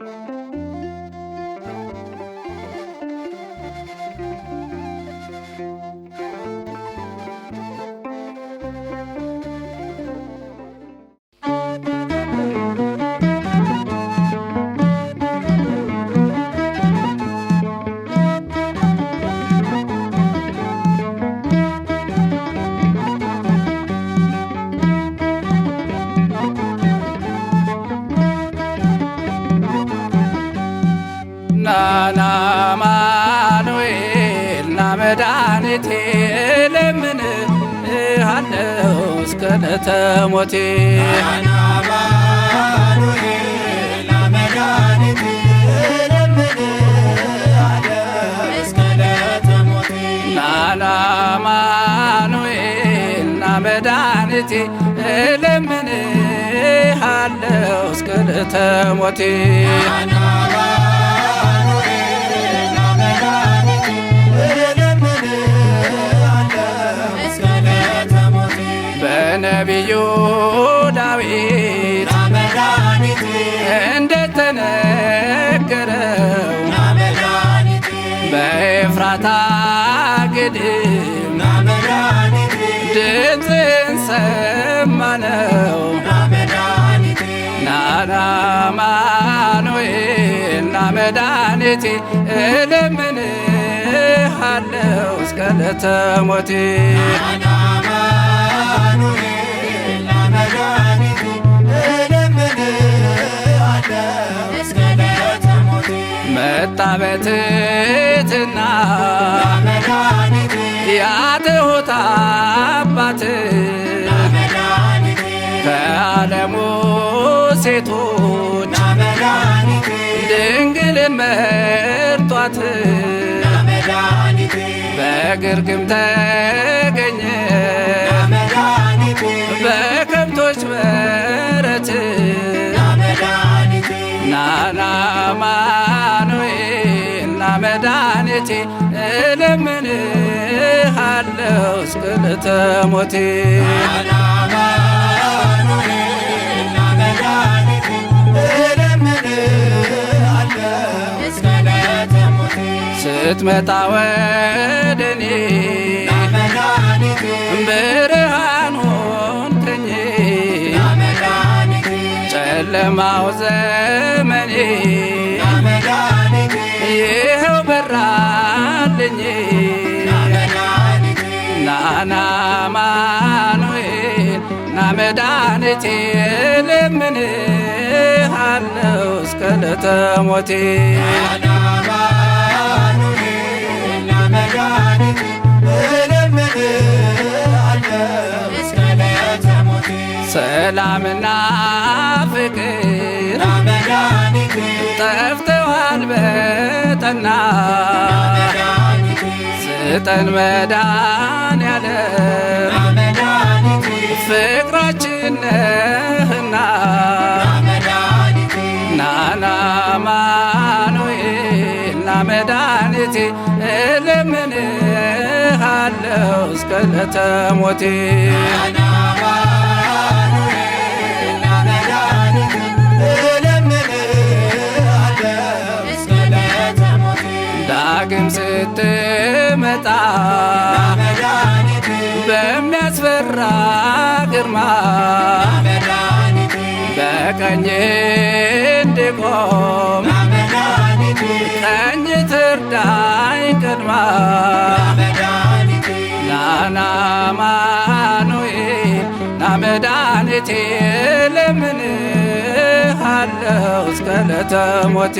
Thank you. ምስጋና አማኑኤል ና መድኃኒቴ ለምን ሃለው እስከ ነተሞቴ መድኃኒቴ ለምን ሃለው እስከ ነተሞቴ ድምፅን ሰማነው ናና አማኑኤል ና መድኃኒቴ እለምንሃለው እስከ ዕለተ ሞቴ መጣ በትህትና የአትሁት አባት ከዓለሙ ሴቶች ድንግል መርጧት በግርግም ተገኘ በከብቶች በረት ናና ማኑኤል ና መድኃኒቴ አለው እስከ ስትመጣ ወደኔ ብርሃን ሆንከኝ ጨለማው ዘ መድኃኒቴ ልምንህ አለው እስከ ሰላምና ፍቅር ጠፍተዋል በጠና ስጠን መዳን ያለ ፍቅራችን ነህና ናና አማኑኤል ና መድኃኒቴ እለምንሃለው እስከ ዕለተ ሞቴ ዳግም ስትመጣ በሚያስፈራ ግርማ በቀኝ እንድቆም ቀኝ ትርዳኝ ቀድማ ናናማኑኤል ለምን ለምንሃለው እስከ ዕለተ ሞቴ